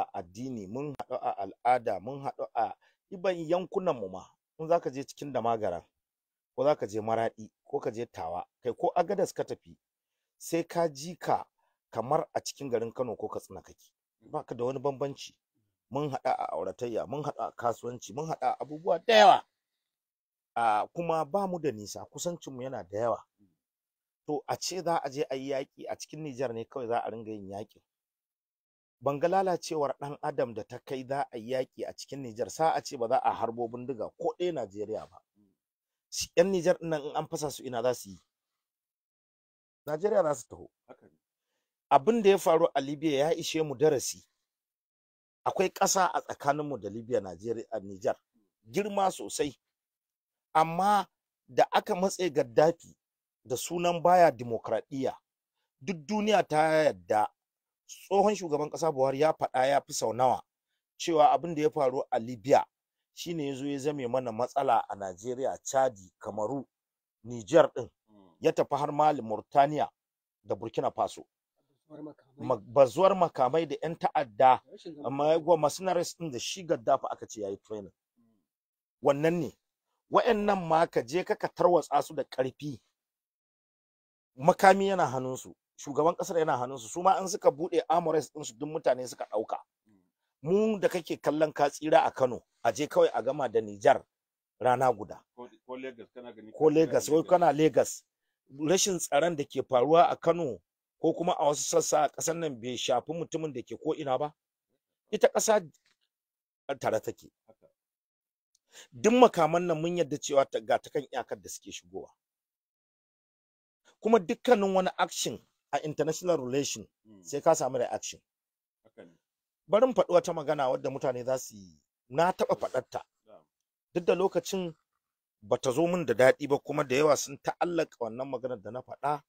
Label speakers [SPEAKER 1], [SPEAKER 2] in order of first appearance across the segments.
[SPEAKER 1] a addini mun haɗu a al'ada mun haɗu a iban yankunan mu ma in zaka je cikin damagaran ko zaka je maraɗi ko ka je tawa kai ko agadas ka tafi sai ka ji ka kamar a cikin garin Kano ko Katsina kake baka da wani bambanci mun haɗa a auratayya mun haɗa a kasuwanci mun haɗa a abubuwa da yawa a kuma ba mu da nisa kusancinmu yana da yawa to a ce za a je a yi yaƙi a cikin Nijar ne kawai za a ringa yin yaƙin ban ga lalacewar ɗan adam da ta kai za a yaƙi a cikin Nijar sa a ce ba za a harbo bindiga ko ɗaya Najeriya ba. ‘Yan Nijar nan in an fasa su ina za su yi. Najeriya za su taho. Abin da ya faru a Libya ya ishe mu darasi. Akwai ƙasa a tsakanin mu da Libya Najeriya Nijar. Girma sosai. Amma da aka matse Gaddafi da sunan baya dimokuraɗiyya duk duniya ta yarda tsohon shugaban ƙasa buhari ya faɗa ya fi sau nawa cewa abin da ya faru a libya shine ya zo ya zame mana matsala a najeriya chadi kamaru niger din mm. ya tafi har mali murtaniya da burkina faso bazuwar makamai da 'yan ta'adda amma mercenaries ɗin da shi gaddafa aka ce ya yi training mm. wannan ne wa'annan ma ka je ka tarwatsa su da karfi. makami yana hannunsu shugaban kasar yana hannunsu su ma an suka bude amores din su duk mutane suka dauka mu da kake kallon ka tsira a Kano a je kawai a gama da Nijar rana guda
[SPEAKER 2] ko Lagos kana ko
[SPEAKER 1] wai kana Lagos rashin tsaron da ke faruwa a Kano ko kuma a wasu sassa a kasar nan bai shafi mutumin da ke ko ina ba ita kasa tare take duk makaman nan mun yadda cewa ga ta kan iyakar da suke shigowa kuma dukkanin wani action a international relation mm. sai ka samu reaction barin faɗi wata magana wadda mutane za su yi na taɓa eh, faɗarta duk da lokacin bata zo min da daɗi ba kuma da yawa sun ta'allaka wannan maganar da na faɗa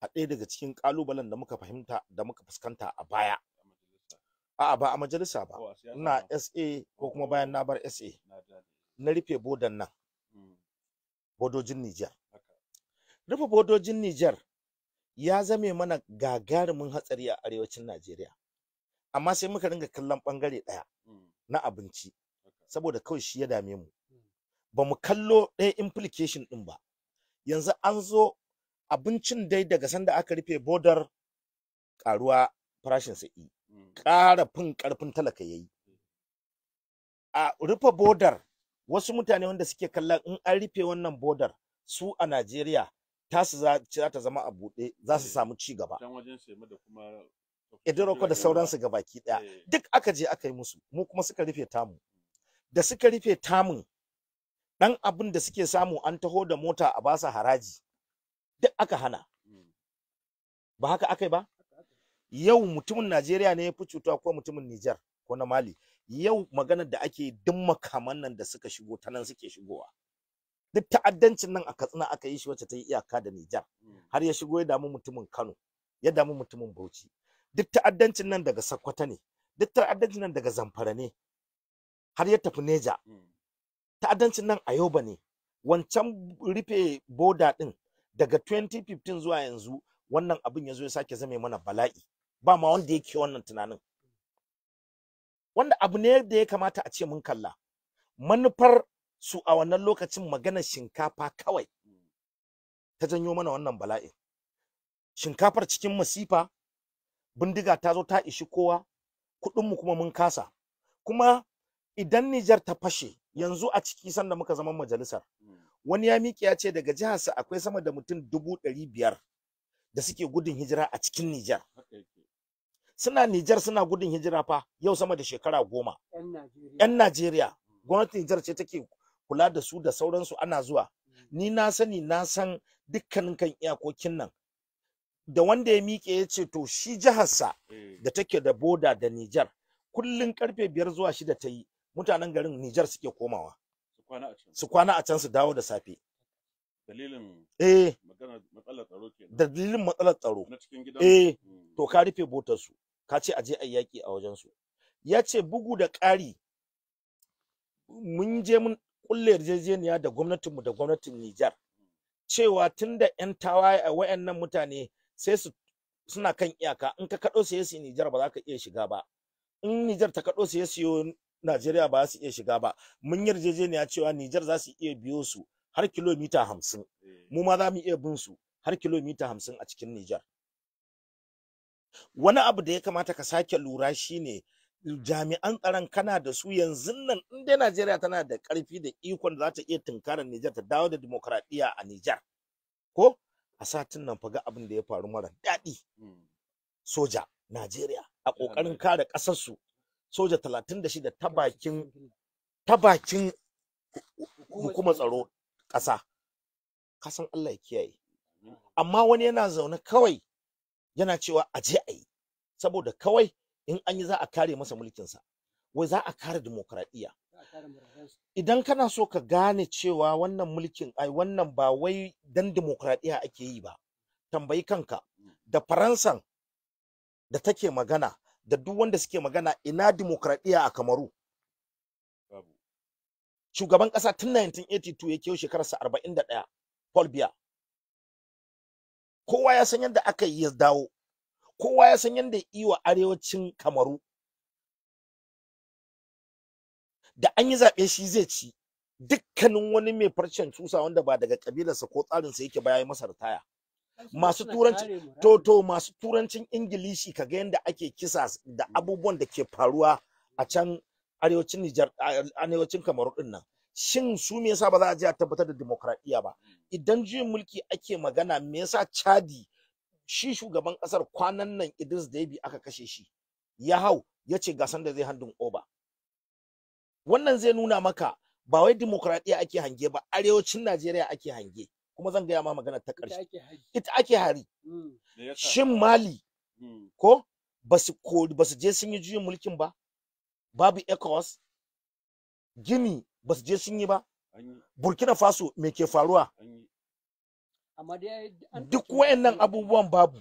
[SPEAKER 1] a ɗaya daga cikin ƙalubalen da muka fahimta da muka fuskanta a baya a'a ba a majalisa ba ina SA ko kuma bayan na bar SA na rufe bodon nan mm. bodojin Nijar rufe bodojin Nijar ya zame mana gagarumin hatsari a arewacin Najeriya amma sai muka ringa kallon ɓangare ɗaya mm. na abinci saboda kawai shi ya dame mu mm. ba mu kallo ɗaya implication ɗin ba yanzu an zo abincin dai daga sanda aka rufe bodar ƙaruwa farashin sa'i mm. ƙara fin ƙarfin talaka yayi a rufe bodar wasu mutane wanda suke kallon in an rufe wannan bodar su a Najeriya tasu za ta zama a buɗe za su eh, samu ci gaba
[SPEAKER 2] idan da sauransu
[SPEAKER 1] ga baki daya eh. duk aka je aka yi musu mu kuma suka rufe tamu da suka rufe tamun ɗan abin da suke samu an taho da mota a basa haraji duk aka hana mm. ba haka aka yi ba yau mutumin Najeriya ne ya fi cutuwa ko mutumin Nijar ko na Mali yau maganar da ake duk makaman nan da suka shigo ta nan suke shigowa duk ta'addancin nan a Katsina aka yi shi wacce ta yi iyaka da Nijar mm. har ya shigo ya damu mutumin Kano ya damu mutumin Bauchi duk ta'addancin nan daga Sokoto ne duk ta'addancin nan daga Zamfara ne har ya tafi Neja mm. ta'addancin nan a Yoba ne wancan rufe boda din daga 2015 zuwa yanzu wannan abin ya zo ya sake zame mana bala'i ba ma wanda yake wannan tunanin wanda abu ne da ya kamata a ce mun kalla manufar su a wannan lokacin maganar shinkafa kawai ta janyo mana wannan bala'in shinkafar cikin masifa bindiga ta zo ta ishi kowa kuɗinmu kuma mun kasa kuma idan Nijar ta fashe yanzu a ciki sanda muka zama majalisar wani ya miƙe ya ce daga jihar sa akwai sama da mutum dubu ɗari biyar da suke gudun hijira a cikin Nijar suna Nijar suna gudun hijira fa yau sama da shekara goma 'yan Najeriya gwamnatin Nijar ce take kula da su da sauransu ana zuwa ni na sani na san dukkanin kan iyakokin nan da wanda ya miƙe ya ce to shi jiharsa eh. da take da boda da Nijar kullun karfe biyar zuwa shida ta yi mutanen garin Nijar suke komawa su kwana a can su dawo da safe dalilin eh.
[SPEAKER 2] matsalar tsaro dalilin
[SPEAKER 1] matsalar tsaro eh hmm. to ka rufe botarsu, ka ce aje ayi yaƙi a wajensu. ya ce bugu da ƙari mun je mun kulle yarjejeniya da gwamnatinmu da gwamnatin Nijar cewa tun da 'yan tawaye a wayannan mutane sai su suna kan iyaka in ka kaɗo sai su Nijar ba za ka iya shiga ba in Nijar ta kaɗo sai su Najeriya ba za su iya shiga ba mun yarjejeniya cewa Nijar za su iya biyo su har kilomita hamsin eh. mu ma za mu iya bin su har kilomita hamsin a cikin Nijar wani abu da ya kamata ka sake lura shine jami'an tsaron kana da su yanzu nan in dai Najeriya tana da karfi da ikon da za ta iya tunkarar Nijar ta dawo da demokradiyya a Nijar ko a satin nan faga abin da ya faru mara daɗi hmm. soja Najeriya a ƙoƙarin kare ƙasarsu soja 36 ta bakin ta bakin hukumar tsaro ƙasa kasan Allah ya kiyaye amma wani yana zaune kawai yana cewa a je a saboda kawai in an yi za a kare masa mulkinsa wai za a kare demokradiyya idan kana so ka gane cewa wannan mulkin ai wannan ba wai dan demokradiyya ake yi ba tambayi kanka hmm. da faransan da take magana da duk wanda suke magana ina demokradiyya a kamaru shugaban kasa tun 1982 ya shekarar shekararsa 41 paul biya kowa ya san yadda aka yi ya dawo kowa ya san yadda yi wa arewacin kamaru da an yi zaɓe shi zai ci dukkanin wani mai farcen tusa wanda ba daga kabilarsa ko tsarinsa yake ba ya yi masa ritaya masu turanci to to masu turancin ingilishi kaga yanda ake kisa da mm. abubuwan da ke faruwa a can arewacin Nijar arewacin Kamaru din nan shin su me yasa ba za a je a tabbatar da demokradiya ba mm. idan juyin mulki ake magana me yasa Chadi shi shugaban kasar kwanan nan Idris Deby aka kashe shi ya hau ya ce gasan da zai handun oba wannan zai nuna maka ba wai demokradiya ake hange ba arewacin Najeriya ake hange kuma zan gaya ma magana ta ƙarshe ita ake hari hmm. shin Mali hmm. ko ba su je sun yi juyin mulkin ba babu ECOWAS Gini ba su je sun yi ba Burkina Faso me ke faruwa duk wayannan abubuwan babu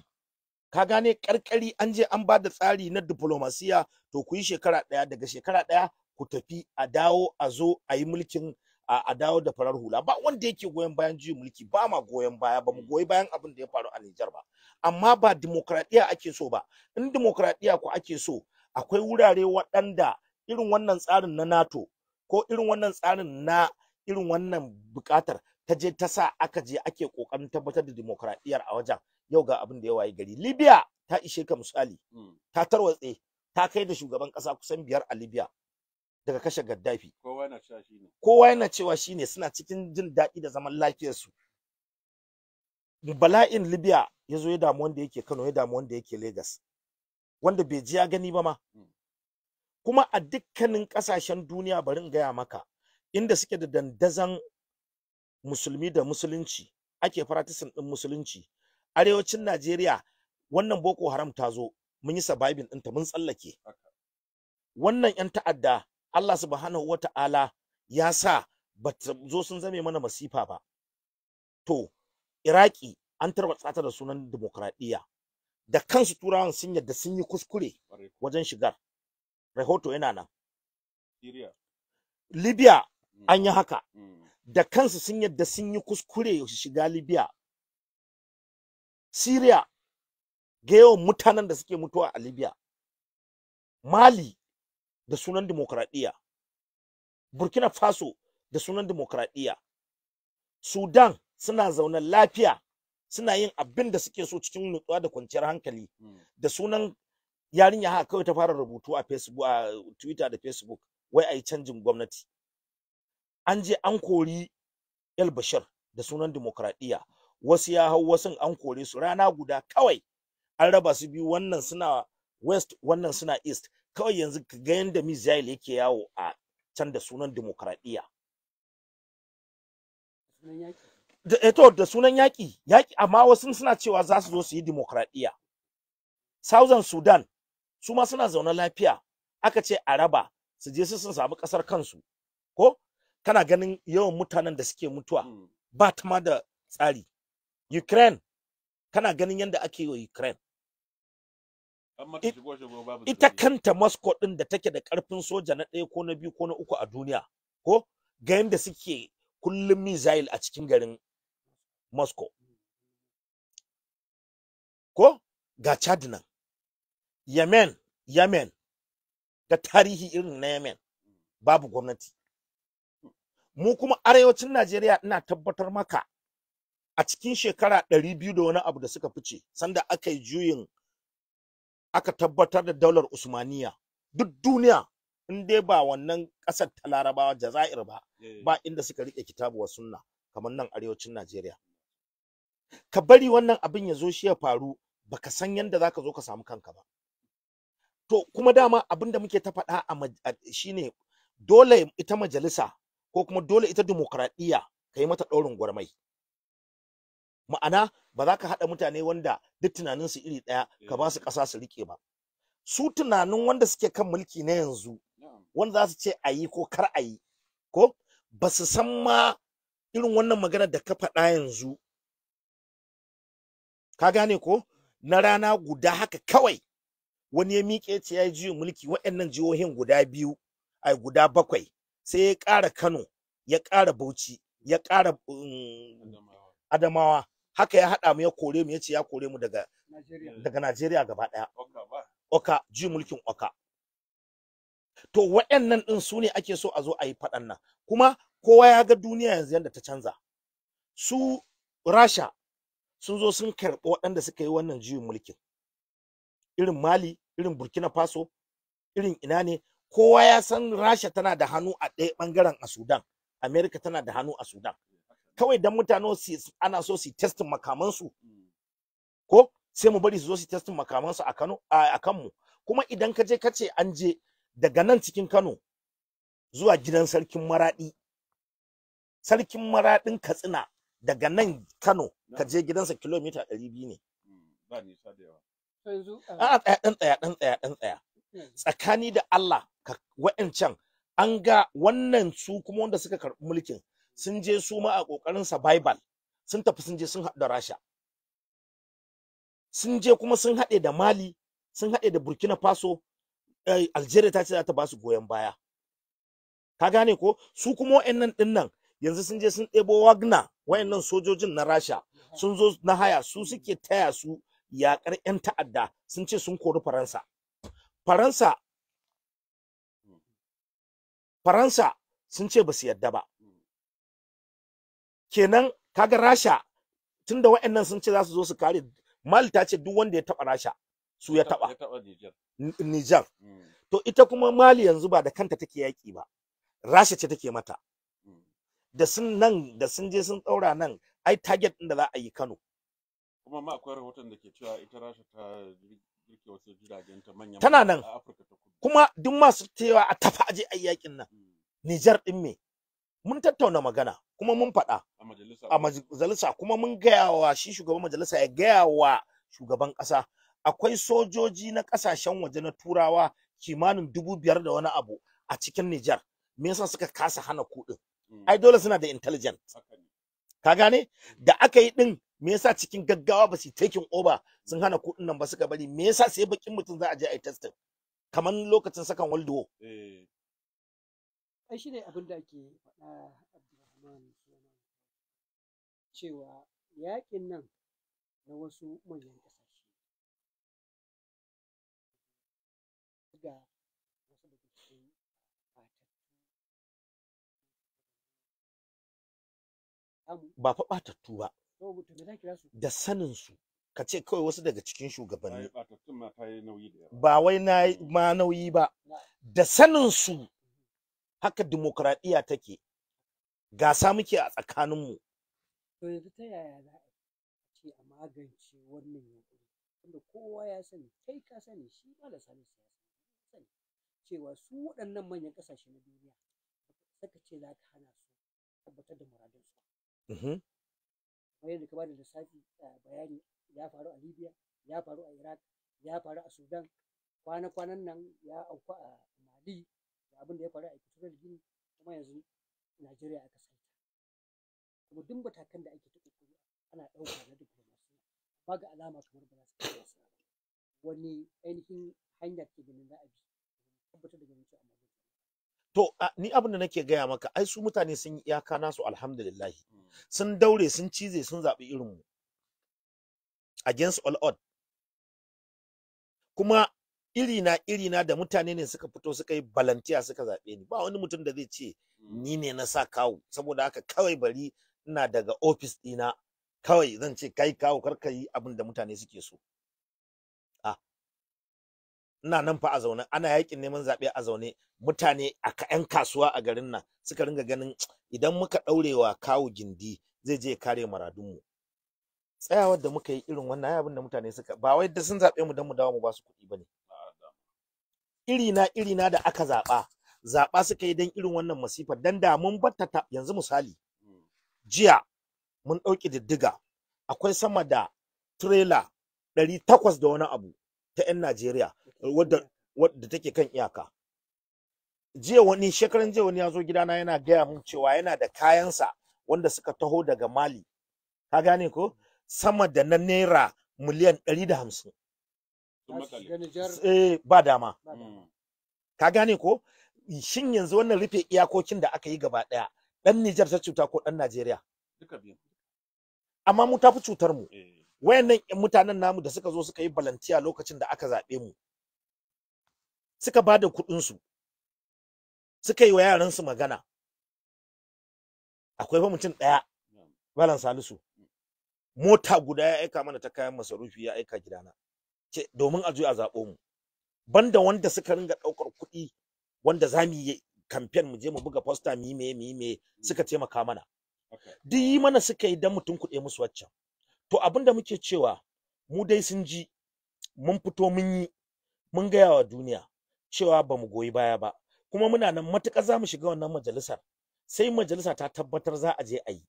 [SPEAKER 1] ka gane karkari an je an ba da tsari na diplomasiya to ku yi shekara daya daga shekara daya ku tafi a dawo a zo a yi mulkin a dawo da farar hula ba wanda yake goyon bayan juyin mulki ba ma goyon baya ba mu mm. goyi bayan abin da ya faru a Nijar ba amma ba demokradiya ake so ba in demokradiya ku ake so akwai wurare waɗanda irin wannan tsarin na NATO ko irin wannan tsarin na irin wannan bukatar. ta je ta sa aka je ake kokarin tabbatar da demokradiyar a wajen yau ga abin da ya wayi gari libya ta ishe ka misali hmm. ta tarwatse ta kai da shugaban kasa kusan biyar a libya daga kashe gaddafi kowa yana cewa shine kowa suna cikin jin daɗi da zaman lafiyarsu bala'in libya ya zo ya damu wanda yake kano ya damu wanda yake lagos wanda bai ji ya gani ba ma hmm. kuma a dukkanin kasashen duniya bari in gaya maka inda suke da dandazan musulmi da musulunci ake practicing din musulunci arewacin Najeriya wannan boko haram ta zo mun yi surviving ɗinta mun tsallake wannan yan ta'adda Allah Su subhanahu wata'ala ya sa ba zo sun zame mana masifa ba to Iraki an tarwatsa ta da sunan demokradiyya da kansu turawan sun yadda sun yi kuskure wajen shigar rahoto yana nan Libya hmm. an yi haka hmm. da kansu sun yadda sun yi kuskure shiga Libya Syria ga yawan mutanen da suke mutuwa a Libya Mali da sunan demokradiyya Burkina Faso da sunan demokradiyya Sudan suna zaune lafiya suna yin abin da suke so cikin nutsuwa da kwanciyar hankali hmm. da sunan yarinya haka kawai ta fara rubutu a Facebook a Twitter da Facebook wai a canjin gwamnati an je an kori El Bashir da sunan demokradiya wasu ya hau wasu an kore su rana guda kawai an raba su biyu wannan suna west wannan suna east kawai yanzu ka ga yanda Mizail yake yawo a can da sunan demokradiya da eh to da sunan yaƙi yaƙi amma wasu suna cewa za su zo su yi demokradiya Southern Sudan su ma suna zaune lafiya aka ce a raba su je su sun samu kasar kansu ko kana ganin yawan mutanen da suke mutuwa hmm. ba ta ma da tsari Ukraine kana ganin yadda ake yi wa Ukraine ita kanta Moscow din da take da karfin soja na ɗaya ko na biyu ko na uku a duniya ko ga yadda suke kullum missile a cikin garin Moscow ko ga Chad nan Yemen Yemen ga tarihi irin na Yemen hmm. babu gwamnati mu kuma arewacin Najeriya ina tabbatar maka a cikin shekara ɗari biyu da wani abu da suka fice sanda aka yi juyin aka tabbatar da daular Usmaniya duk duniya in dai ba wannan ƙasar ta Larabawa Jazair ba ba inda suka rike kitabu wa sunna kamar nan arewacin Najeriya ka bari wannan abin ya zo shi ya faru baka san yanda zaka zo ka samu kanka ba to kuma dama abin da muke ta faɗa a shine dole ita majalisa ko kuma dole ita demokradiyya ka yi mata ɗaurin gwarmai ma'ana ba za ka haɗa mutane wanda duk su iri ɗaya ka ba su eh. ƙasa su riƙe ba su tunanin wanda suke kan mulki na yanzu wanda za su ce a yi ko kar a yi ko ba su san ma irin wannan magana da ka faɗa yanzu ka gane ko na rana guda haka kawai wani ya miƙe ce ya yi mulki waɗannan jihohin guda biyu ai guda bakwai sai ya ƙara Kano ya ƙara Bauchi ya ƙara mm, Adamawa haka ya haɗa mu ya kore mu ya ce ya kore mu daga daga Najeriya gaba ɗaya Oka ji mulkin Oka to waɗannan ɗin su ne ake so a zo a yi faɗan nan kuma kowa ya ga duniya yanzu yadda ta canza su Rasha sun zo sun karɓi waɗanda suka yi wannan juyin mulkin irin Mali irin Burkina Faso irin ina ne kowa ya san rasha tana da hannu a ɗaya ɓangaren a sudan amerika tana da hannu a sudan kawai dan mutane ana so su testin makamansu ko sai mu bari su zo su testin makamansu a kano a kanmu kuma idan ka je ka ce an je daga nan cikin kano zuwa gidan sarkin maradi sarkin maradin katsina daga nan kano ka je gidansa kilomita ɗari biyu ne
[SPEAKER 2] hmm, ba nisa da yawa a eh. ɗan tsaya ɗan
[SPEAKER 1] tsaya ɗan tsaya Hmm. tsakani da Allah wa'ancan an ga wannan su kuma wanda suka karɓi mulkin sun je su ma a ƙoƙarin survival sun tafi sun je sun haɗu da Rasha sun je kuma sun haɗe da Mali sun haɗe da Burkina Faso eh, Algeria ta ce za ta ba su goyon baya ka gane ko su kuma wa'annan ɗinnan yanzu sun je sun ɗebo Wagner wayannan sojojin na Rasha sun zo na haya su suke taya su yaƙar 'yan ta'adda sun ce sun kori Faransa faransa faransa sun ce ba su yadda ba kenan kaga rasha tunda waannan sun ce za su zo su kare mali ta ce duk wanda ya taɓa rasha su ya taɓa nijar mm. to ita kuma mali yanzu ba da kanta take yaki ba rasha ce take mata mm. da sun nan da sun je sun ɗaura nan ai target ɗin da za a yi kano
[SPEAKER 2] kuma ma akwai rahoton da ke cewa ita rasha ta tana nan
[SPEAKER 1] kuma duk masu cewa a tafa aje a yakin nan hmm. Nijar din me mun tattauna magana kuma mun faɗa a majalisa kuma mun gaya wa shi shugaban majalisa ya gaya wa shugaban ƙasa akwai sojoji na ƙasashen waje na turawa kimanin dubu biyar da wani abu a cikin Nijar me yasa suka kasa hana kuɗin hmm. ai dole suna da intelligent ka gane hmm. da aka yi din me yasa cikin gaggawa ba su taking over sun hana kuɗin nan ba suka bari me yasa sai bakin mutum za a je a yi testing kamar lokacin sakan world war eh.
[SPEAKER 3] ai shine abin da ake faɗa Abdulrahman cewa yakin nan na wasu manyan ƙasashe ga wasu cikin
[SPEAKER 1] ba fa ba da sanin su ka ce kawai wasu daga cikin shugabanni ba wai na ma nauyi ba da sanin su haka demokradiya take gasa muke a tsakanin mu
[SPEAKER 3] to yanzu ta yaya za a ce a magance wannan yankuri tunda kowa ya sani kai ka sani shi ma da sani sani cewa su waɗannan manyan ƙasashe na duniya saka ce za ta hana su tabbatar da muradinsu mm-hmm. kamar yadda ka bada lissafi ah, bayani ya faru a Libya ya faru a Iraq ya faru a Sudan kwana-kwanan nan ya auku a Mali da abin da ya faru a Equatorial gini kuma yanzu Najeriya aka saita kuma duk matakan da ake ta kokari ana ɗauka na wani, ba ga alama kamar ba za su wani ainihin da ke ganin za a bi tabbatar da ganin cewa
[SPEAKER 1] to ni abin da nake gaya maka ai su mutane sun yi iyaka nasu alhamdulillahi hmm. sun daure sun cize sun zaɓi irin mu against all odd kuma iri na da mutane ne suka fito suka yi balantiya suka zaɓe ni ba wani mutum da zai ce hmm. ni ne na sa kawo saboda haka kawai bari ina daga ofis ɗina kawai zan ce kai kawo kar ka yi abin da mutane suke so ina nan fa a zaune ana yakin neman zaɓe a zaune mutane a yan kasuwa a garin nan suka ringa ganin idan muka daurewa kawu gindi zai je kare maradunmu tsayawar da muka yi irin wannan abin da mutane suka ba wai da sun zaɓe mu dan mu dawo mu ba su kuɗi ba ne iri na iri na da aka zaɓa zaɓa suka yi don irin wannan masifar don da mun batta ta yanzu misali jiya mun ɗauki diddiga akwai sama da tirela 800 da wani abu ta 'yan Najeriya wadda wadda take kan iyaka jiya wani shekaran jiya wani ya zo gidana yana gaya mun cewa yana da kayansa wanda suka taho daga mali ka gane ko sama da na naira miliyan ɗari da hamsin eh ba dama mm. ka gane ko shin yanzu wannan rufe iyakokin da aka yi gaba ɗaya ɗan Nijar ta cuta ko ɗan Najeriya duka amma mu tafi cutar mu eh. wayannan mutanen namu da suka zo suka yi balantiya lokacin da aka zaɓe mu suka bada da kuɗinsu suka yi wa yaransu magana akwai fa mutum ɗaya balan salisu mota guda ya aika mana ta kayan masarufi ya aika gidana domin a a zaɓo mu banda wanda suka ringa ɗaukar kuɗi wanda za mu yi kamfen mu je mu buga posta mu yi me mu yi me suka mm. taimaka mana duk yi mana suka yi dan mutum kuɗe musu waccan to abin da muke cewa mu dai sun ji mun fito mun yi mun gaya wa duniya cewa ba mu goyi baya ba kuma muna nan matuƙar za mu shiga wannan majalisar sai majalisa ta tabbatar za a je a yi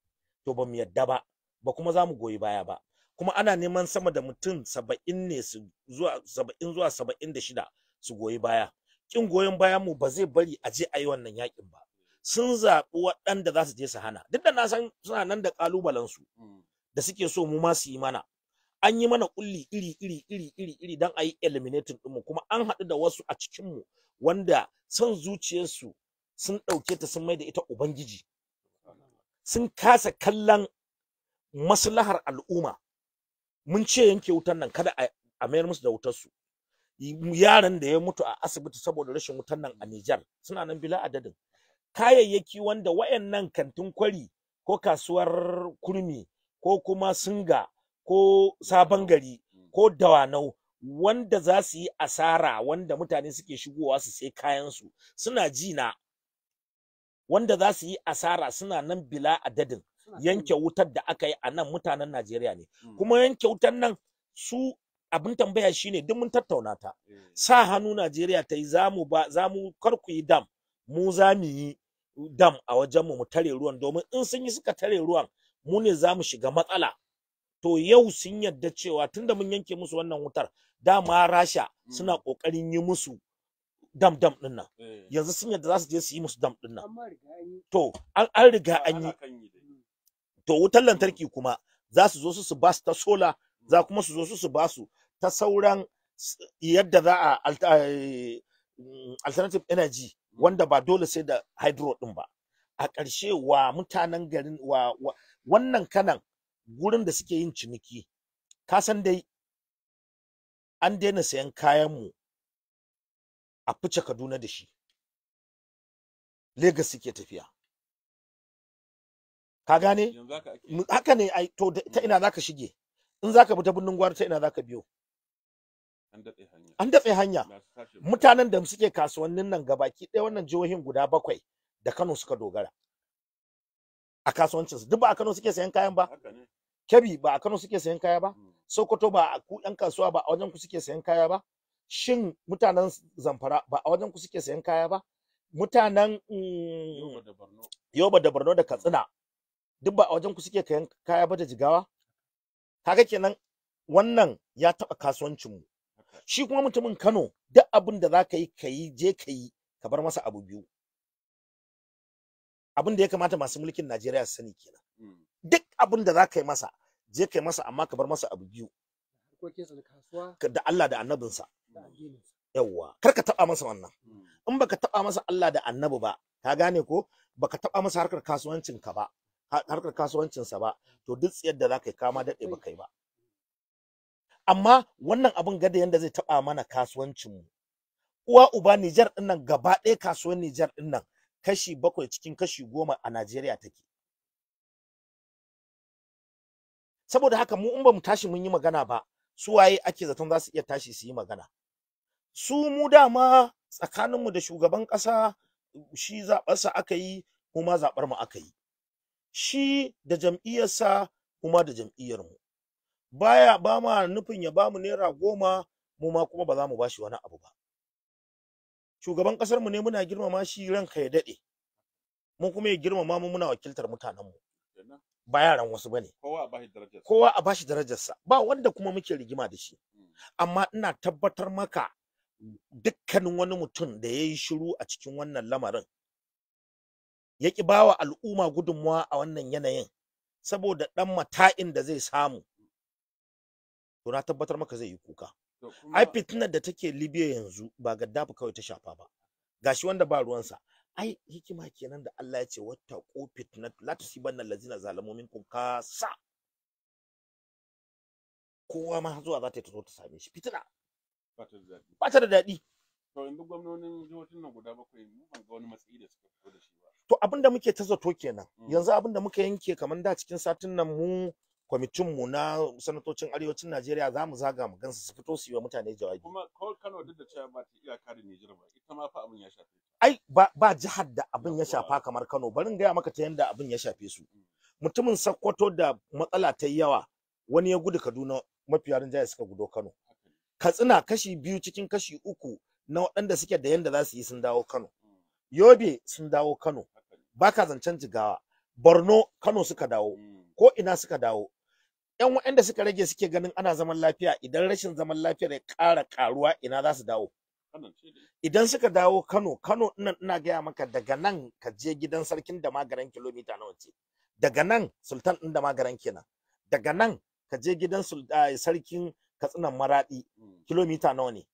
[SPEAKER 1] to ba mu yadda ba ba kuma za mu goyi baya ba kuma ana neman sama da mutum saba'in ne su zuwa saba'in zuwa saba'in da shida su goyi baya kin goyon baya mu ba zai bari a je a yi wannan yakin ba sun zaɓi waɗanda za su je su hana duk da na san suna nan da ƙalubalen su mm. da suke so mu ma su yi mana an yi mana kulli iri iri iri iri iri dan ayi yi din mu. kuma an haɗu da wasu a cikin mu wanda son zuciyarsu sun ɗauke ta sun mai da ita ubangiji sun kasa kallon maslahar al'umma mun ce yanke wutan nan kada a mayar musu da wutar su. yaran da ya mutu a asibiti saboda rashin wutan nan a Nijar suna nan bila adadin kayayyaki wanda wayannan kantin kwari ko kasuwar kurmi ko kuma singa ko sabon gari ko dawanau wanda za su yi asara wanda mutane suke shigowa su sai kayansu suna ji na wanda za su yi asara suna nan bila adadin yanke wutar da aka yi a nan mutanen Najeriya ne mm. kuma yanke wutar nan su abin tambaya shine duk mun tattauna ta eh. sa hannu Najeriya ta yi zamu ba zamu karku yi dam mu za mu yi dam a wajenmu mu tare ruwan domin in sun yi suka tare ruwan mu ne za mu shiga matsala to yau sun yarda cewa tunda mun yanke musu wannan wutar dama rasha mm. suna kokarin yi musu dam dam din nan eh. yanzu sun yadda za su je su yi musu dam din nan to an riga an yi mm. to wutar lantarki kuma za su zo su su ba su ta sola mm. za kuma su zo su su ba su ta sauran yadda za a alternative energy wanda ba dole sai da hydro din ba a ƙarshe wa mutanen garin wa wannan kanan gurin da suke yin ciniki ka san dai an daina sayan kayan mu a fice Kaduna da shi Legas suke tafiya ka gane haka ne ai to ta ina zaka shige in zaka bi ta birnin gwari ta ina zaka biyo an datse hanya mutanen da suke kasuwannin nan gabaki ɗaya wannan jihohin guda bakwai da Kano suka dogara a kasuwancinsu duk ba a Kano suke sayan kayan ba Kebbi ba a Kano suke sayan kaya ba, mm. Sokoto ba a ku kasuwa ba a wajen ku suke sayan kaya ba, shin mutanen Zamfara ba a wajen ku suke sayan kaya ba, mutanen mm, Yoba da Borno da Katsina duk ba a wajen ku suke kayan kaya ba da Jigawa. Kaga kenan wannan ya taba kasuwancin mu. Shi kuma mutumin Kano duk abin da zaka yi kayi je kayi ka bar masa abu biyu. Abin da ya kamata masu mulkin Najeriya su sani kenan. Mm. duk abin da za ka yi masa je ka yi masa amma ka bar masa abu biyu da Allah da annabinsa yawwa kar ka taba masa wannan hmm. in baka taba masa Allah da annabi ba ka gane ko baka taba masa harkar kasuwancin ka ba harkar kasuwancin sa ba to duk tsiyar da ka yi kama dade ba kai ba amma wannan abin gada yanda zai taba mana kasuwancin mu uwa uba Niger din gaba ɗaya kasuwar Niger din kashi bakwai cikin kashi goma a Najeriya take saboda haka mu in ba mu tashi mun yi magana ba su waye ake zaton za su iya tashi su yi magana su mu dama tsakaninmu da shugaban ƙasa shi zaɓarsa aka yi kuma zaɓar mu aka yi shi da jam'iyyarsa kuma da jam'iyyarmu baya ba ma nufin ya bamu naira goma mu ma kuma ba za mu ba shi wani abu ba shugaban ƙasarmu ne muna girmama shi ranka ya daɗe mu kuma ya girmama mu muna wakiltar mutanenmu ba yaran wasu bane
[SPEAKER 2] kowa a bashi darajarsa kowa
[SPEAKER 1] a bashi darajarsa ba wanda kuma muke rigima da shi hmm. amma ina tabbatar maka dukkanin wani mutum da ya yi shiru a cikin wannan lamarin ya ki bawa al'umma gudunmuwa a wannan yanayin saboda dan mata'in da zai samu to na tabbatar maka zai yi kuka ai fitinar da take libiya yanzu ba gaddafi kawai ta shafa ba gashi wanda ba ruwansa ai hikima kenan da Allah ya ce wata ko fitnat la tusibanna allazina zalamu minkum kasa kowa ma zuwa za ta zo ta same shi fitina ba ta da daɗi
[SPEAKER 2] to yanzu gwamnonin jihohin nan guda bakwai mu ban ga wani matsayi da suka fito da shi ba
[SPEAKER 1] to abinda muke ta zato kenan mm. yanzu abinda muka yanke kaman da cikin satin nan mu kwamitin mu na sanatocin arewacin Najeriya za mu zaga mu gansu su fito su yi wa mutane jawabi.
[SPEAKER 2] Kuma Kano duk da cewa ba ta Nijar ba, ita ma fa abin ya
[SPEAKER 1] shafe. Ai ba, ba jihar da abin ya shafa kamar Kano, barin gaya maka ta yanda abin ya shafe su. Mm. Mutumin Sokoto da matsala ta yawa, wani ya gudu Kaduna mafiya jaya suka gudo Kano. Katsina kashi biyu cikin kashi uku na waɗanda suke da yanda za su yi sun dawo Kano. Mm. Yobe sun dawo Kano. Baka zancen jigawa. Borno Kano suka dawo. Mm. Ko ina suka dawo. yan waɗanda suka rage suke ganin ana zaman lafiya idan rashin zaman lafiyar ya ƙara ƙaruwa ina za su dawo idan suka dawo Kano Kano ina ina gaya maka daga nan ka je gidan sarkin da magaran kilomita nawa ce daga nan sultan ɗin da magaran kenan daga nan ka je gidan sarkin katsinan maraɗi hmm. kilomita nawa ne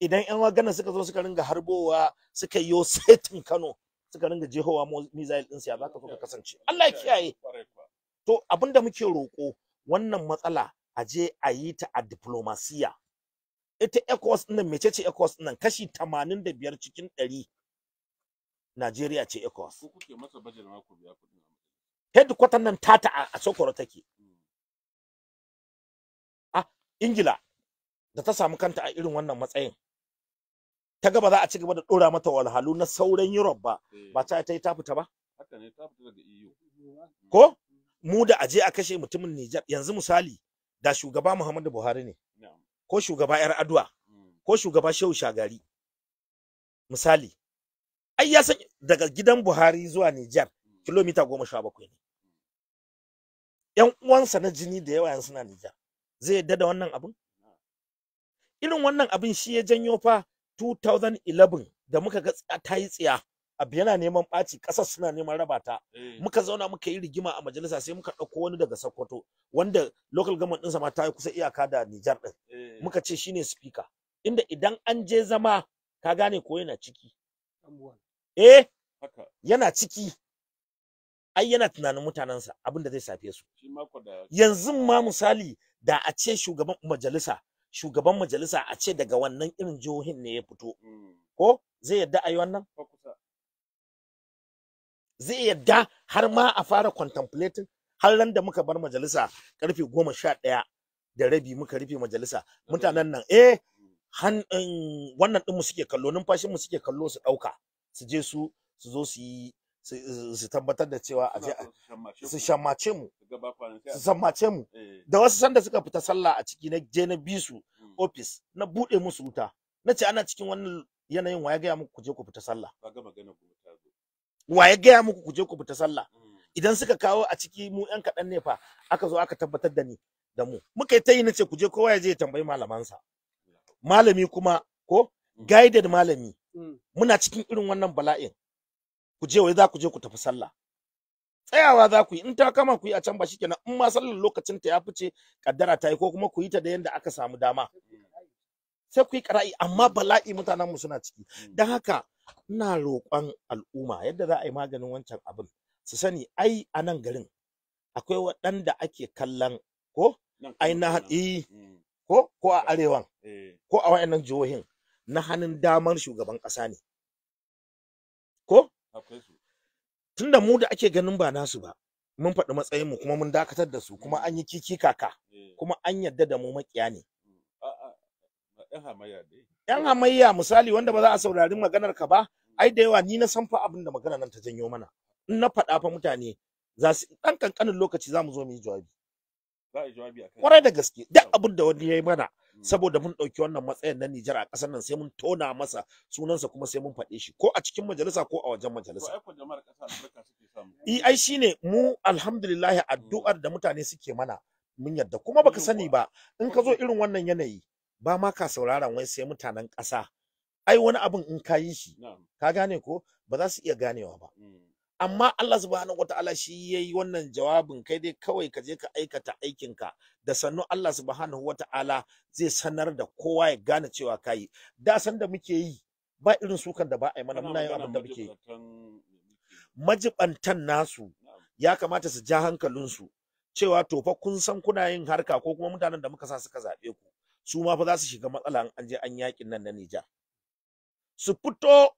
[SPEAKER 1] idan yan wagana suka zo suka ringa harbowa suka yi setin Kano suka ringa jehowa missile ɗinsu ya ka so ka kasance Allah ya kiyaye to abinda muke roƙo wannan matsala a je a yi ta a diplomasiya ita ECOWAS ɗin ce ECOWAS ɗin kashi 85 cikin 100 Najeriya ce ECOWAS. Ku
[SPEAKER 2] kuke
[SPEAKER 1] Headquarter nan tata a Sokoto take. Hmm. A ah, Ingila da ta samu kanta a irin wannan matsayin. Ta gaba za a ci gaba da ɗora mata walhalu na sauran Europe ba, eh. ba ta ta yi ta fita ba?
[SPEAKER 2] Haka ne ta fita daga EU.
[SPEAKER 1] Ko? mu da aje a kashe mutumin Nijar yanzu misali da shugaba Muhammadu Buhari ne ko shugaba yar mm. ko shugaba Shehu Shagari misali ai ya san daga gidan Buhari zuwa Nijar mm. kilomita goma sha bakwai ne yan uwansa na jini da yawa yanzu suna Nijar zai yadda da wannan abin irin wannan abin shi ya janyo fa 2011 da muka ga ta yi tsiya abu yana neman ɓaci ƙasar suna neman raba ta eh. muka zauna muka yi rigima a majalisa sai muka ɗauko wani daga Sokoto wanda local government ɗinsa ma ta yi kusa iyaka da Nijar ɗin eh. muka ce shine speaker inda idan an je zama ka gane ko yana ciki eh yana ciki ai yana tunanin mutanensa abin da zai safe su yanzu ma misali da a ce shugaban majalisa shugaban majalisa a ce daga wannan irin jihohin ne ya fito mm. ko zai yadda a yi wannan zai yadda har ma a fara contemplating har ran da muka bar majalisa karfe goma sha ɗaya da rabi muka rufe majalisa mutanen nan eh han um, wannan ɗinmu suke kallo mu suke kallo su ɗauka su je su su zo su yi su tabbatar da cewa a su shammace mu
[SPEAKER 2] su shammace mu
[SPEAKER 1] da wasu sanda suka fita sallah a ciki na je na bi su office na bude musu wuta na ce ana cikin wannan yanayin wa ya gaya muku ku je ku fita sallah wa ya gaya muku kuje ku fita sallah mm. idan suka kawo a ciki mu yan kaɗan ne fa aka zo aka tabbatar da ni da mu muka yi ta yi nace ku kowa ya je ya tambayi malamansa malami kuma ko mm. guided malami mm. muna cikin irin wannan bala'in ku je za ku je ku tafi sallah tsayawa za ku yi in ta kama ku yi a can ba shikenan in ma sallar lokacin ta ya fice kaddara ta yi ko kuma ku yi ta da yanda aka samu dama sai ku yi kara'i amma bala'i mutanen mu suna ciki dan haka ina roƙon al'umma yadda za a yi maganin wancan abin su sani ai a nan garin akwai waɗanda ake kallon ko ai na mm. ko ko a arewan eh. ko a wayannan jihohin na hannun damar shugaban ƙasa ne ko tunda mu da ake ganin ba nasu ba mun faɗi matsayinmu kuma mun dakatar da su kuma mm. an yi kiki kaka eh. kuma an yadda da mu makiya ne.
[SPEAKER 2] Mm.
[SPEAKER 1] yan hamayya misali wanda ba za a saurari maganar ka ba ai da yawa ni na san fa abin da magana nan ta janyo mana in na faɗa fa mutane za su dan kankanin lokaci za mu zo mu yi jawabi
[SPEAKER 2] za a jawabi akan
[SPEAKER 1] kwarai da gaske duk abin da wani yayi mana mm. saboda mun ɗauki wannan matsayin na Nijar a ƙasar nan sai mun tona masa sunansa kuma sai mun faɗe shi ko a cikin majalisa ko a wajen majalisa. I ai shine mu alhamdulillahi mm. addu'ar da mutane suke mana mun yadda kuma baka sani ba in ka zo irin wannan yanayi ba ma ka sauraron wai sai mutanen ƙasa ai wani abin in ka yi shi ka gane ko ba za su iya ganewa ba mm. amma Allah subhanahu wataala shi yayi wannan jawabin kai dai kawai ka je ka aikata ka da sannu Allah subhanahu wataala zai sanar da kowa ya gane cewa kayi da san da muke yi ba irin sukan da ba a mana muna yin abin da muke yi majibantan nasu ya kamata su ja hankalinsu cewa to fa kun san kuna yin harka ko kuma mutanen da muka sa suka zaɓe ku su ma fa za su shiga matsala an je an yakin nan na Nija. su fito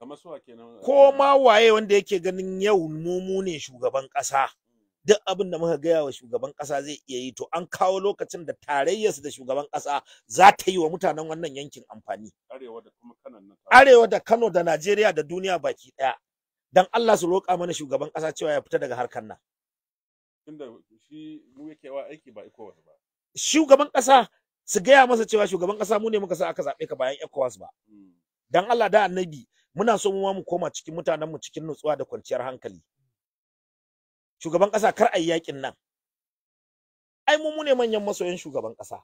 [SPEAKER 2] eh, ko ma
[SPEAKER 1] waye wanda yake ganin yau mu ne shugaban ƙasa duk abin da muka gaya wa shugaban ƙasa zai iya yi to an kawo lokacin da tarayyarsu da shugaban ƙasa za ta yi wa mutanen wannan yankin amfani arewa da kano da najeriya da duniya baki ɗaya dan allah su roƙa mana shugaban kasa cewa ya fita daga harkar nan tunda shi mu yake wa aiki ba iko ba shugaban kasa su gaya masa cewa shugaban kasa mu ne muka sa aka zaɓe ka bayan ECOWAS ba. Hmm. Dan Allah da annabi muna so mu ma mu koma cikin mutanen mu cikin nutsuwa da kwanciyar hankali. Shugaban ƙasa kar a yakin nan. Ai mu mu ne manyan masoyan shugaban ƙasa.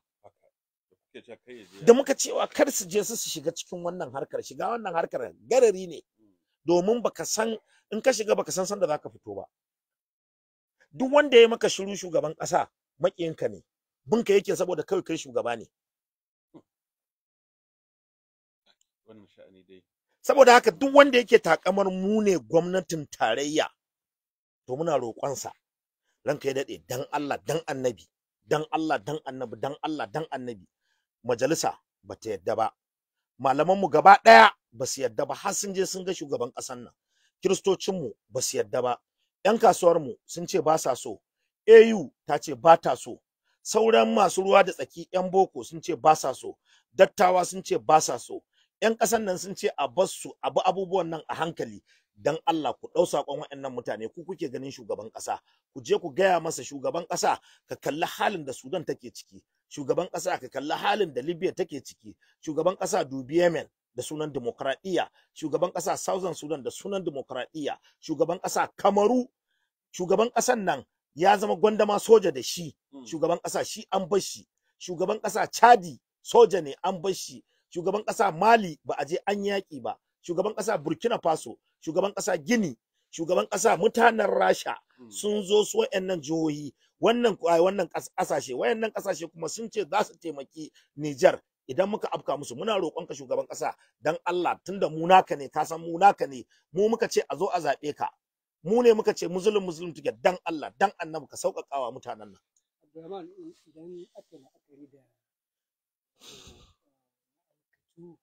[SPEAKER 2] Da muka cewa
[SPEAKER 1] kar su je su shiga cikin wannan harkar shiga wannan harkar garari ne. Hmm. Domin baka san in ka shiga baka san sanda zaka fito ba. Duk wanda ya maka shiru shugaban kasa makiyinka ne. bunka yake saboda kawai kai shugaba ne saboda haka duk wanda yake takamar mu ne gwamnatin tarayya to muna roƙonsa ranka ya daɗe dan Allah dan annabi dan Allah dan annabi dan Allah dan annabi majalisa bata yadda ba malaman mu gaba ɗaya ba su yadda ba har sun je sun ga shugaban ƙasar nan kiristocin mu ba su yadda ba yan kasuwar mu sun ce ba sa so AU ta ce ba ta so sauran masu ruwa da tsaki yan boko sun ce ba sa so dattawa sun ce ba sa so yan ƙasan nan sun ce a bar su abu abubuwan nan a hankali dan Allah ku ɗau sakon waɗannan mutane ku kuke ganin shugaban ƙasa ku je ku gaya masa shugaban ƙasa ka kalli halin da Sudan take ciki shugaban ƙasa ka kalli halin da Libya take ciki shugaban ƙasa dubi Yemen da sunan demokradiya shugaban ƙasa Southern Sudan da sunan demokradiya shugaban ƙasa Kamaru shugaban ƙasan nan ya zama gwandama soja da shi hmm. shugaban ƙasa shi an bar shi shugaban ƙasa chadi soja ne an bar shi shugaban ƙasa mali ba a je an yaki ba shugaban ƙasa burkina faso shugaban ƙasa gini shugaban ƙasa mutanen rasha hmm. sun zo su wayannan jihohi wannan wannan ƙasashe wayannan kasashe kuma sun ce za su taimaki Niger idan muka afka musu muna roƙon ka shugaban ƙasa dan Allah tunda mu naka ne ka san mu naka ne mu muka ce a zo a zaɓe ka mu ne muka ce muslim muslim tuke dan Allah dan annabi ka sauƙaƙawa mutanen nan
[SPEAKER 3] Abdurrahman idan aka na la'akari da eh,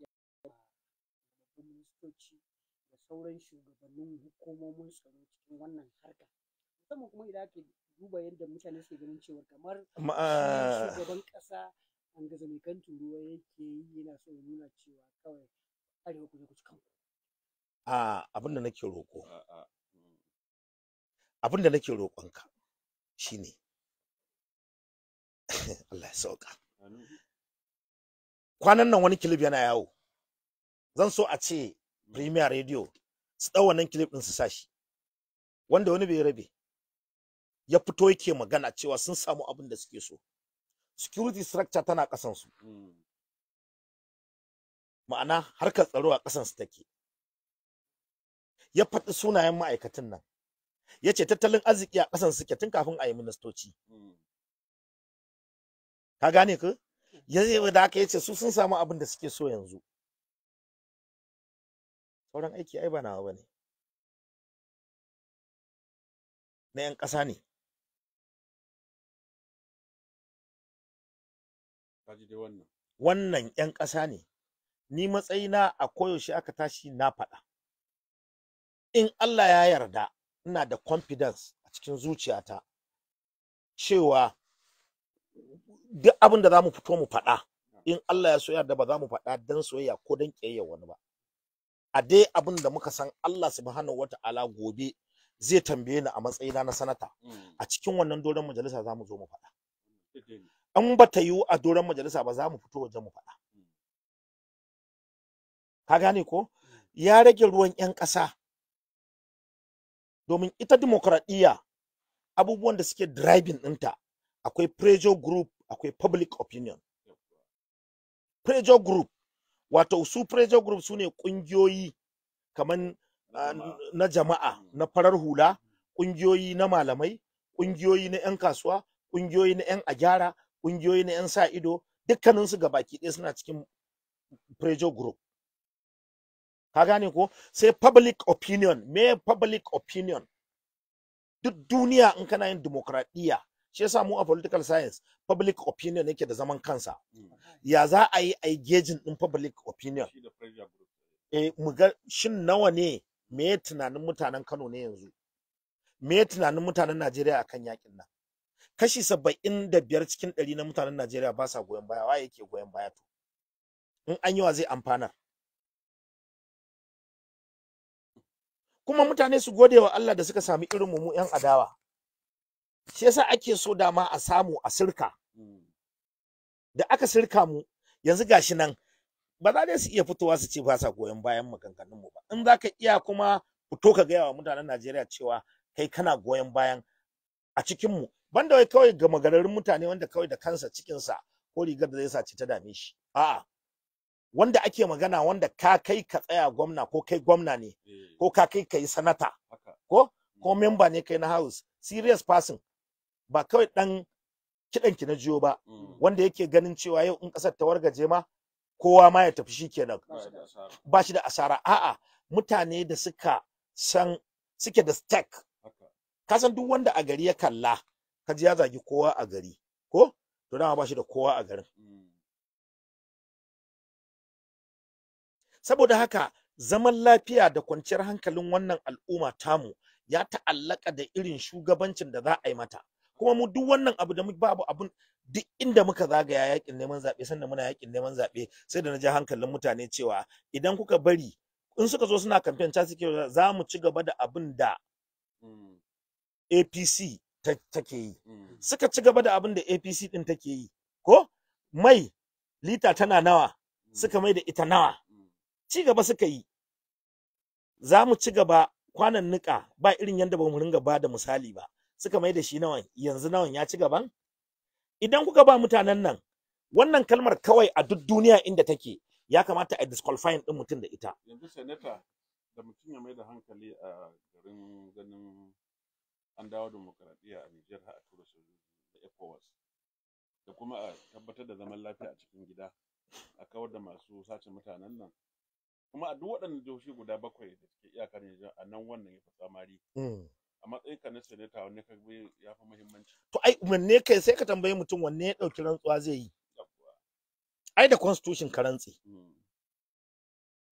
[SPEAKER 3] eh, ministoci da sauran shugabannin hukumomin tsaro cikin wannan harka musamman kuma idan aka duba yadda mutane suke ganin cewa kamar
[SPEAKER 1] ah, shugaban
[SPEAKER 3] ƙasa an gaza mai kan turuwa yake yi yana so ya nuna cewa kawai arewa ku ne ku ci kanku
[SPEAKER 1] a ah, abin nake roƙo ah, ah, mm. abin da nake roƙonka shine Allah ya sauka kwanan nan wani kilif yana yawo zan so a ce mm. Premier Radio su ɗau wannan kilif ɗin su sashi wanda wani bai rabe ya fito yake magana cewa sun samu abin da suke so security structure tana ƙasansu mm. ma'ana harkar tsaro a ƙasansu take ya faɗi sunayen ma'aikatan nan yace tattalin arziki a ƙasan suke tun kafin a yi ministoci hmm. ka gane ku ya zai da aka yace su sun samu abin da suke so yanzu sauran aiki ai ba nawa bane
[SPEAKER 3] na yan ƙasa ne
[SPEAKER 1] wannan yan ƙasa ne ni matsayina a koyaushe aka tashi na faɗa in Allah ya yarda ina da confidence a cikin zuciyata cewa duk abin da za fito mu faɗa in Allah ya so yarda ba za mu faɗa dan soyayya ko dan ƙiyayya wani ba a dai abin da muka san Allah subhanahu wata'ala gobe zai tambaye ni a matsayina na sanata a mm. cikin wannan doron majalisa za mu zo mu faɗa mm. in ba ta yiwu a doron majalisa ba za mu fito waje mu faɗa mm. ka gane ko ya rage ruwan 'yan ƙasa domin ita demokradiyya abubuwan da suke driving ɗinta akwai pressure group akwai public opinion pressure group wato su pressure group su ne ƙungiyoyi kamar ah, na jama'a na farar hula ƙungiyoyi na malamai ƙungiyoyi na 'yan kasuwa ƙungiyoyi na 'yan agyara ƙungiyoyi na 'yan sa ido dukkaninsu gabaki ɗaya suna cikin pressure group ka gane ko sai public opinion me public opinion duk duniya in kana yin demokradiyya shi yasa mu a political science public opinion yake da zaman kansa ya za a yi a gejin din public opinion eh mu ga shin nawa ne me tunanin mutanen Kano ne yanzu me tunanin mutanen Najeriya akan yakin nan kashi saba'in da biyar cikin ɗari na mutanen Najeriya ba sa goyon baya wa yake goyon baya to in an yi wa zai amfana kuma mutane su gode wa Allah da suka sami irin mu yan adawa shi yasa ake so dama a samu a sirka da aka sirka mu yanzu gashi nan ba za su iya fitowa su ce ba sa goyon bayan maganganun mu ba in zaka iya kuma fito ka gaya wa mutanen Najeriya cewa kai kana goyon bayan a cikin mu banda wai kawai ga magararin mutane wanda kawai da kansa cikin sa ko rigar da zai sace ta dame shi a'a wanda ake magana wanda ka kai ka tsaya gwamna ko kai gwamna ne eh. ko ka kai ka yi sanata ko ko mm. memba ne kai na house serious person ba kawai dan kidan ki na jiyo ba mm. wanda yake ganin cewa yau in kasar ta wargaje ma kowa ma ya tafi shikenan ba shi da asara a'a mutane da suka san suke da stak. ka san duk wanda a gari ya kalla ka ji ya zagi kowa a gari ko to dama ba shi da kowa a garin mm. saboda haka zaman lafiya da kwanciyar hankalin wannan al'umma tamu ya ta'allaka da irin shugabancin da za a yi mata kuma mu duk wannan abu da babu abun duk inda muka zagaya yakin neman zaɓe sanda muna yakin neman zaɓe sai da na ji hankalin mutane cewa idan kuka bari in suka zo suna kamfen ta suke za mu ci gaba da abin da APC take yi mm. suka ci gaba da abin da APC ɗin take yi ko mai lita tana nawa mm. suka mai da ita nawa ci gaba suka yi za mu ci gaba kwanan nika ba irin yadda ba mu ringa ba da misali ba suka mai da shi nawan yanzu nawan ya ci gaban idan kuka ba mutanen nan wannan kalmar kawai a duk duniya inda take ya kamata a disqualifying din mutum da ita
[SPEAKER 2] yanzu senator da mutum ya mai da hankali a garin ganin an dawo demokaradiyya a Nijar a tura sojoji da ECOWAS da kuma a tabbatar da zaman lafiya a cikin gida a kawar da masu sace mutanen nan kuma a duk waɗannan jihohi guda bakwai da suke iyakar yanzu a nan wannan ya fi tsamari mm. a matsayin ka na senator wanne ka bi ya fi muhimmanci
[SPEAKER 1] to ai wanne kai sai ka tambayi mutum wanne ya ɗauki rantsuwa zai yi ai da constitution ka rantsi mm.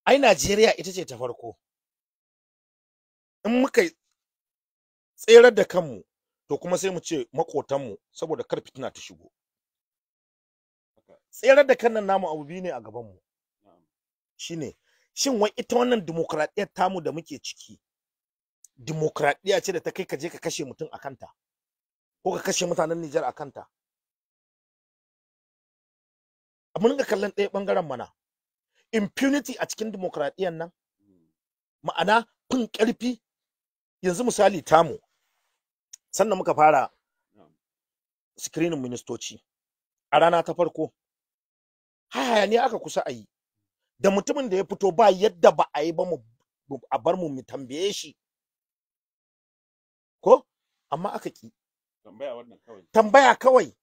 [SPEAKER 1] ai Najeriya ita ce ta farko in muka tserar da kanmu to kuma sai mu ce makotanmu saboda kar fitina ta shigo tserar da kannan nan namu abu ne a gabanmu shine shin wai ita wannan demokradiyyar tamu da muke ciki demokradiyya ce da ta kai ka je ka kashe mutum a kanta ko ka kashe mutanen Nijar a kanta mun rinka kallon ɗaya ɓangaren mana impunity a cikin demokradiyyar nan ma'ana fin ƙarfi yanzu misali tamu sannan muka fara screening ministoci a rana ta farko hayaniya aka kusa ayi. da mutumin da ya fito ba yadda ba a yi ba mu a bar mu mu tambaye shi ko amma aka ki
[SPEAKER 2] tambaya wannan kawai
[SPEAKER 1] tambaya kawai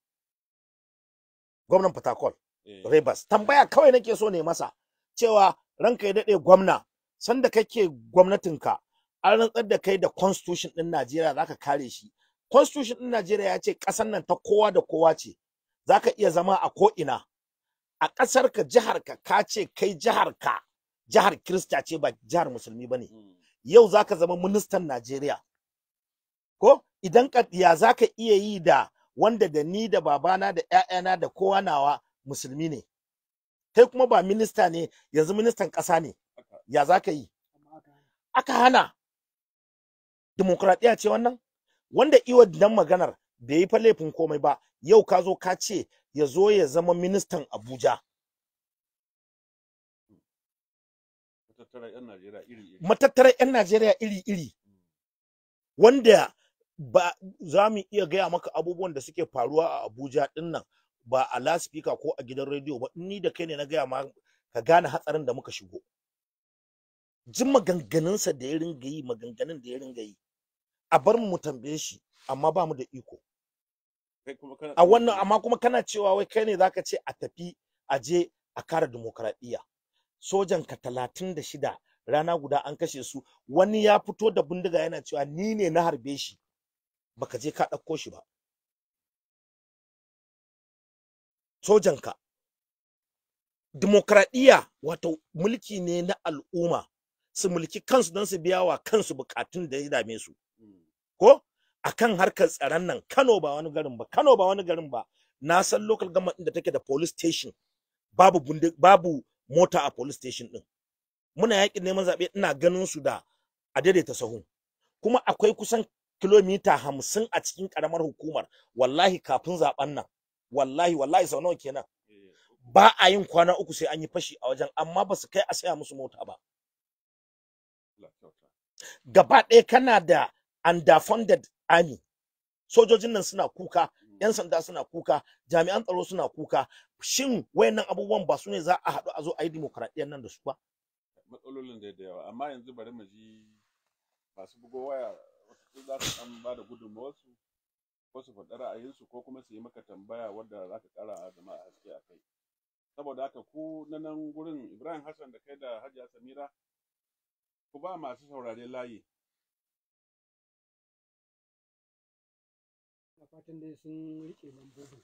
[SPEAKER 1] gwamnan Fatakol eh. Rebus. tambaya kawai nake so ne masa cewa ranka ya dade gwamna sanda kake gwamnatinka an rantsar da kai da constitution din Najeriya zaka kare shi constitution din Najeriya ya ce ƙasar nan ta kowa da kowa ce zaka iya zama a ko ina a ƙasar ka jihar ka ka ce kai jihar ka jihar Kirista ce ba jihar musulmi bane hmm. yau zaka zama ministan Najeriya ko idan ka ya zaka iya yi da wanda da ni da babana da ƴaƴana da kowa nawa musulmi ne kai kuma ba minista ne yanzu ministan ƙasa ne ya zaka yi aka hana demokradiya ce wannan wanda iwa dan maganar bai yi fa laifin komai ba yau ka zo ka ce ya zo ya zama ministan Abuja matattarar 'yan Najeriya iri-iri wanda ba za mu iya gaya maka abubuwan da suke faruwa a Abuja din nan ba a laspika ko a gidan rediyo ba ni da kai ne na gaya ma ka gane hatsarin da muka shigo jin maganganunsa da ya ringa yi maganganun da ya ringa yi a bar mu tambaye shi amma ba mu da iko a wannan amma kuma kana cewa wai kai ne zaka ce a tafi a je a kare demokradiyya sojan ka talatin da shida rana guda an kashe su wani ya fito da bindiga yana cewa ni ne na harbe shi baka je ka ɗauko shi ba sojan ka demokradiyya wato mulki ne na al'umma su mulki kansu don su biya wa kansu bukatun da ya dame su hmm. ko akan harkar tsaron nan Kano ba wani garin ba Kano ba wani garin ba na san local government da take da police station babu babu mota a police station din muna yaki neman zabe ina ganin su da a daidaita sahu kuma akwai kusan kilomita hamsin a cikin karamar hukumar wallahi kafin zaben nan wallahi wallahi sau nawa kenan ba a yin kwana uku sai an yi fashi a wajen amma ba su kai a saya musu mota ba gaba ɗaya kana da underfunded army sojojin nan suna kuka yan mm. sanda suna kuka jami'an tsaro suna kuka shin wayannan abubuwan ba su ne za a haɗu a zo a yi dimokuraɗiyyar nan da su ba
[SPEAKER 2] matsalolin da da yawa amma yanzu bari mu ji masu bugo waya wasu za su ɗan ba da su ko su faɗi ra'ayinsu ko kuma su yi maka tambaya wadda za ka ƙara jama'a haske a kai saboda haka ku na nan gurin ibrahim hassan da kai da hajiya samira ku ba masu saurare layi
[SPEAKER 3] fatan dai sun riƙe lambobin